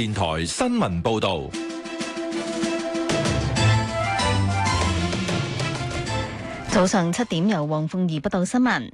電台新聞報道：早上七點由黃鳳儀報道新聞。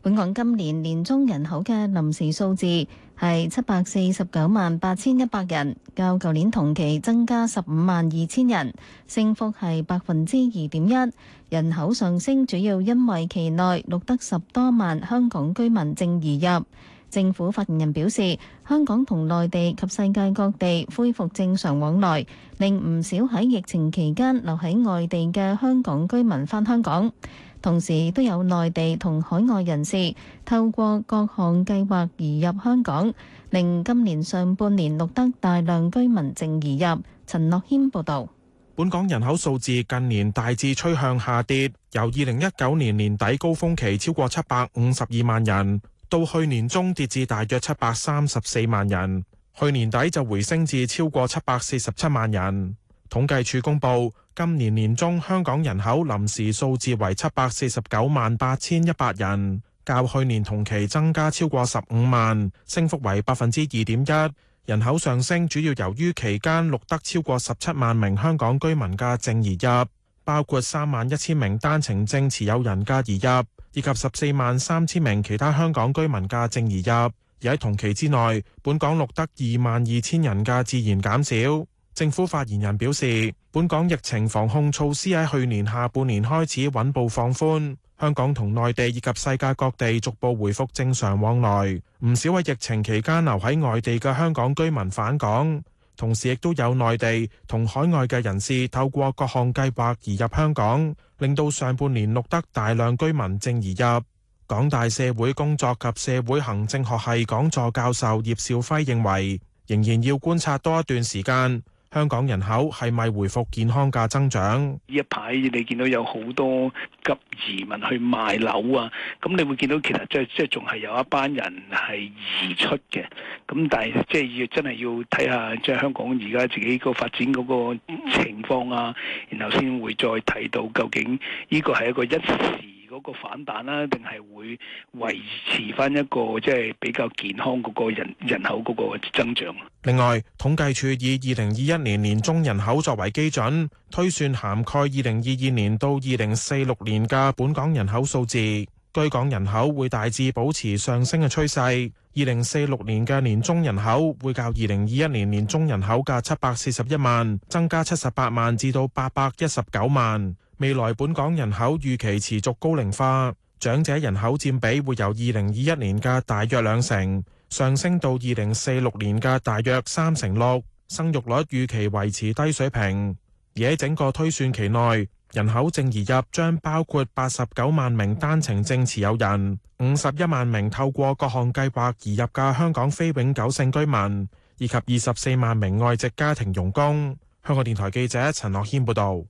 本港今年年中人口嘅臨時數字係七百四十九萬八千一百人，較舊年同期增加十五萬二千人，升幅係百分之二點一。人口上升主要因為期內錄得十多萬香港居民正移入。政府發言人表示，香港同內地及世界各地恢復正常往來，令唔少喺疫情期間留喺外地嘅香港居民返香港，同時都有內地同海外人士透過各項計劃移入香港，令今年上半年錄得大量居民淨移入。陳樂軒報導，本港人口數字近年大致趨向下跌，由二零一九年年底高峰期超過七百五十二萬人。到去年中跌至大約七百三十四萬人，去年底就回升至超過七百四十七萬人。統計處公布，今年年中香港人口臨時數字為七百四十九萬八千一百人，較去年同期增加超過十五萬，升幅為百分之二點一。人口上升主要由於期間錄得超過十七萬名香港居民嘅淨移入，包括三萬一千名單程證持有人嘅移入。以及十四萬三千名其他香港居民嘅淨移入，而喺同期之內，本港錄得二萬二千人嘅自然減少。政府發言人表示，本港疫情防控措施喺去年下半年開始穩步放寬，香港同內地以及世界各地逐步回復正常往來，唔少喺疫情期間留喺外地嘅香港居民返港。同時亦都有內地同海外嘅人士透過各項計劃移入香港，令到上半年錄得大量居民證移入。港大社會工作及社會行政學系講座教授葉兆輝認為，仍然要觀察多一段時間。香港人口係咪回復健康嘅增長？呢一排你見到有好多急移民去賣樓啊，咁你會見到其實即係即係仲係有一班人係移出嘅。咁但係即係要真係要睇下即係香港而家自己個發展嗰個情況啊，然後先會再提到究竟呢個係一個一時。個反彈啦，定係會維持翻一個即係比較健康嗰個人人口嗰個增長。另外，統計處以二零二一年年中人口作為基準，推算涵蓋二零二二年到二零四六年嘅本港人口數字，居港人口會大致保持上升嘅趨勢。二零四六年嘅年中人口會較二零二一年年中人口嘅七百四十一萬增加七十八萬，至到八百一十九萬。未來本港人口預期持續高齡化，長者人口佔比會由二零二一年嘅大約兩成上升到二零四六年嘅大約三成六。生育率預期維持低水平，而喺整個推算期內，人口淨移入將包括八十九萬名單程證持有人、五十一萬名透過各項計劃移入嘅香港非永久性居民，以及二十四萬名外籍家庭傭工。香港電台記者陳樂軒報導。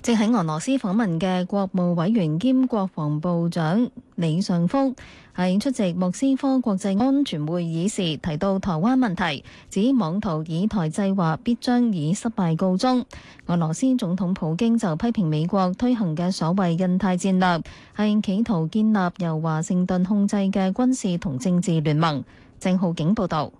正喺俄羅斯訪問嘅國務委員兼國防部長李尚福喺出席莫斯科國際安全會議時提到台灣問題，指妄圖以台制華，必將以失敗告終。俄羅斯總統普京就批評美國推行嘅所謂印太戰略係企圖建立由華盛頓控制嘅軍事同政治聯盟。鄭浩景報道。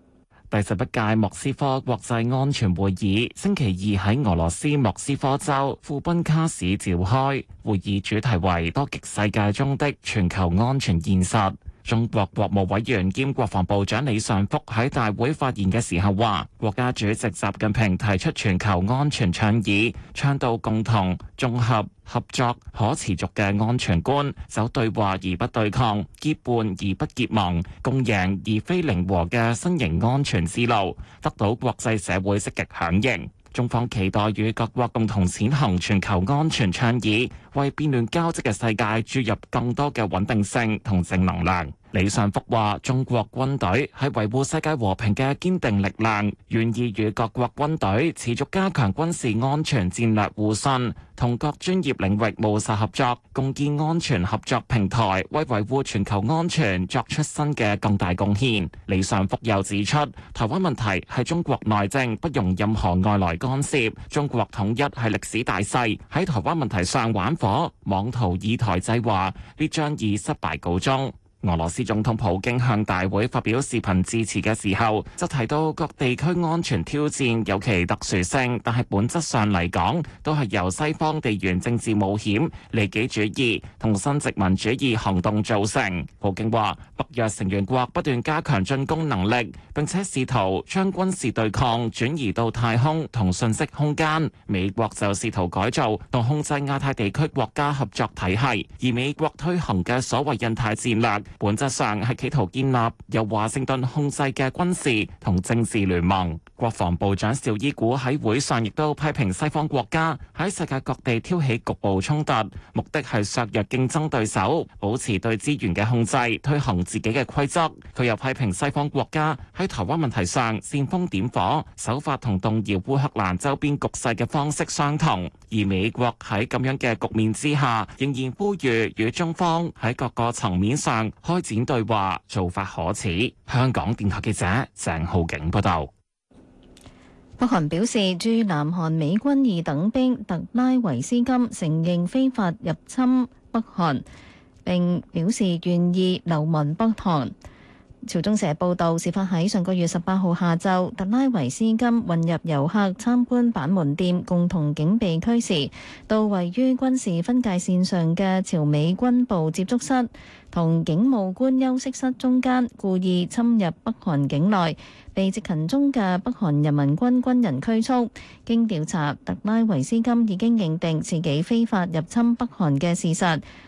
第十一屆莫斯科國際安全會議星期二喺俄羅斯莫斯科州庫賓卡市召開，會議主題為多極世界中的全球安全現實。中國國務委員兼國防部長李尚福喺大會發言嘅時候話，國家主席習近平提出全球安全倡議，倡導共同、綜合、合作、可持續嘅安全觀，走對話而不對抗、結伴而不結盟、共贏而非零和嘅新型安全思路，得到國際社會積極響應。中方期待與各國共同踐行全球安全倡議，為變亂交織嘅世界注入更多嘅穩定性同正能量。李尚福話：中國軍隊係維護世界和平嘅堅定力量，願意與各國軍隊持續加強軍事安全戰略互信，同各專業領域務實合作，共建安全合作平台，為維護全球安全作出新嘅更大貢獻。李尚福又指出，台灣問題係中國內政，不容任何外來干涉。中國統一係歷史大勢，喺台灣問題上玩火、妄圖以台制華，必將以失敗告終。俄羅斯總統普京向大會發表視頻致辭嘅時候，就提到各地區安全挑戰有其特殊性，但係本質上嚟講，都係由西方地緣政治冒險、利己主義同新殖民主義行動造成。普京話，北約成員國不斷加強進攻能力，並且試圖將軍事對抗轉移到太空同信息空間。美國就試圖改造同控制亞太地區國家合作體系，而美國推行嘅所謂印太戰略。本質上係企圖建立由華盛頓控制嘅軍事同政治聯盟。國防部長邵伊古喺會上亦都批評西方國家喺世界各地挑起局部衝突，目的係削弱競爭對手，保持對資源嘅控制，推行自己嘅規則。佢又批評西方國家喺台灣問題上煽風點火，手法同動搖烏，烏克蘭周邊局勢嘅方式相同。而美國喺咁樣嘅局面之下，仍然呼籲與中方喺各個層面上，開展對話做法可恥。香港電台記者鄭浩景報道，北韓表示，駐南韓美軍二等兵特拉維斯金承認非法入侵北韓，並表示願意流亡北韓。朝中社報導，事發喺上個月十八號下晝，特拉維斯金混入遊客參觀板門店共同警備區時，到位於軍事分界線上嘅朝美軍部接觸室同警務官休息室中間，故意侵入北韓境內，被執勤中嘅北韓人民軍軍人拘束。經調查，特拉維斯金已經認定自己非法入侵北韓嘅事實。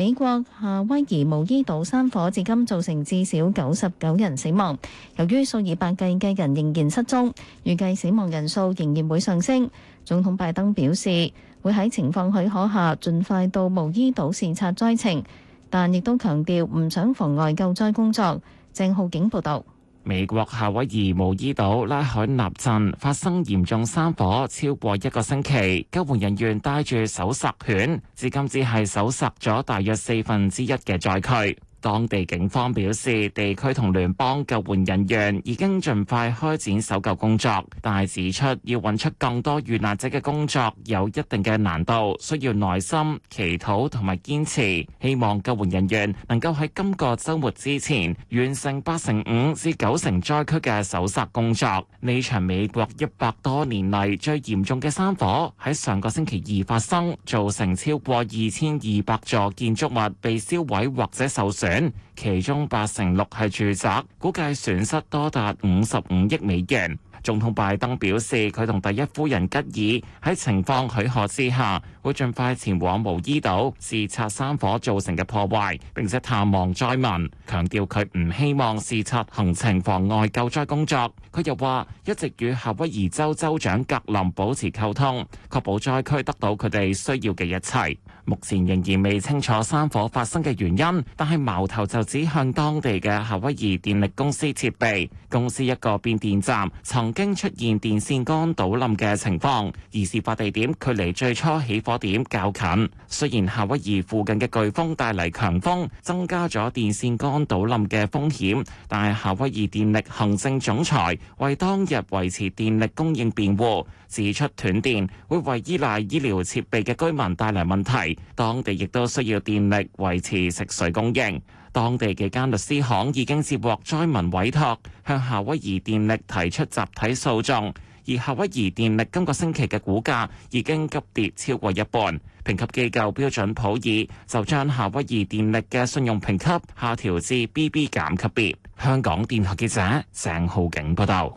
美國夏威夷毛伊島山火至今造成至少九十九人死亡，由於數以百計嘅人仍然失蹤，預計死亡人數仍然會上升。總統拜登表示，會喺情況許可下盡快到毛伊島視察災情，但亦都強調唔想妨礙救災工作。鄭浩景報道。美國夏威夷毛伊島拉海納鎮發生嚴重山火，超過一個星期，救援人員帶住搜索犬，至今只係搜索咗大約四分之一嘅災區。當地警方表示，地區同聯邦救援人員已經盡快開展搜救工作，但係指出要揾出更多遇難者嘅工作有一定嘅難度，需要耐心、祈禱同埋堅持。希望救援人員能夠喺今個週末之前完成八成五至九成災區嘅搜索工作。呢場美國一百多年嚟最嚴重嘅山火喺上個星期二發生，造成超過二千二百座建築物被燒毀或者受損。其中八成六係住宅，估計損失多達五十五億美元。總統拜登表示，佢同第一夫人吉爾喺情況許可之下，會盡快前往毛伊島視察山火造成嘅破壞，並且探望災民。強調佢唔希望視察行程妨礙救災工作。佢又話一直與夏威夷州州長格林保持溝通，確保災區得到佢哋需要嘅一切。目前仍然未清楚山火發生嘅原因，但係矛頭就指向當地嘅夏威夷電力公司設備。公司一個變電站曾經出現電線桿倒冧嘅情況，而事發地點距離最初起火火點較近，雖然夏威夷附近嘅颶風帶嚟強風，增加咗電線杆倒冧嘅風險，但係夏威夷電力行政總裁為當日維持電力供應辯護，指出斷電會為依賴醫療設備嘅居民帶嚟問題，當地亦都需要電力維持食水供應。當地幾間律師行已經接獲災民委託，向夏威夷電力提出集體訴訟。而夏威夷電力今個星期嘅股價已經急跌超過一半，評級機構標準普爾就將夏威夷電力嘅信用評級下調至 BB 減級別。香港電台記者鄭浩景報道。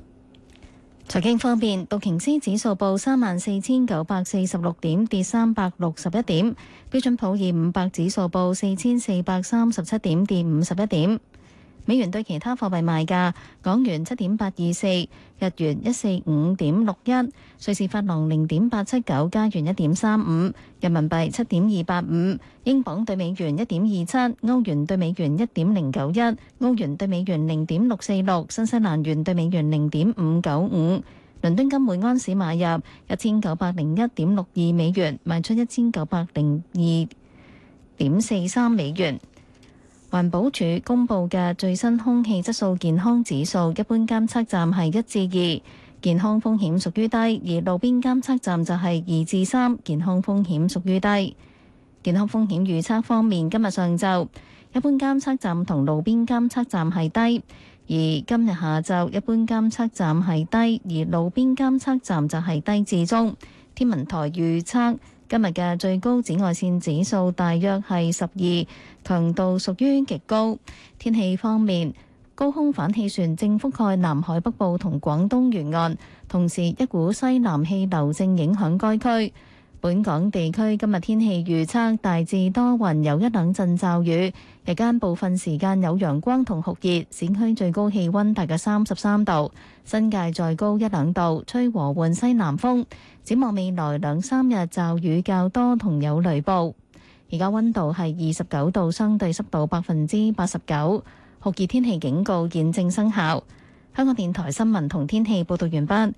財經方面，道瓊斯指數報三萬四千九百四十六點，跌三百六十一點；標準普爾五百指數報四千四百三十七點，跌五十一點。美元對其他貨幣賣價：港元七點八二四，日元一四五點六一，瑞士法郎零點八七九，加元一點三五，人民幣七點二八五，英鎊對美元一點二七，歐元對美元一點零九一，澳元對美元零點六四六，新西蘭元對美元零點五九五。倫敦金每安士買入一千九百零一點六二美元，賣出一千九百零二點四三美元。環保署公布嘅最新空氣質素健康指數，一般監測站係一至二，健康風險屬於低；而路邊監測站就係二至三，健康風險屬於低。健康風險預測方面，今日上晝一般監測站同路邊監測站係低，而今日下晝一般監測站係低，而路邊監測站就係低至中。天文台預測，今日嘅最高紫外線指數大約係十二，強度屬於極高。天氣方面，高空反氣旋正覆蓋南海北部同廣東沿岸，同時一股西南氣流正影響該區。本港地區今日天氣預測，大致多雲，有一兩陣驟雨，日間部分時間有陽光同酷熱，市區最高氣溫大概三十三度，新界再高一兩度，吹和緩西南風，展望未來兩三日驟雨較多同有雷暴。而家溫度係二十九度，相對濕度百分之八十九，酷熱天氣警告現正生效。香港電台新聞同天氣報道完畢。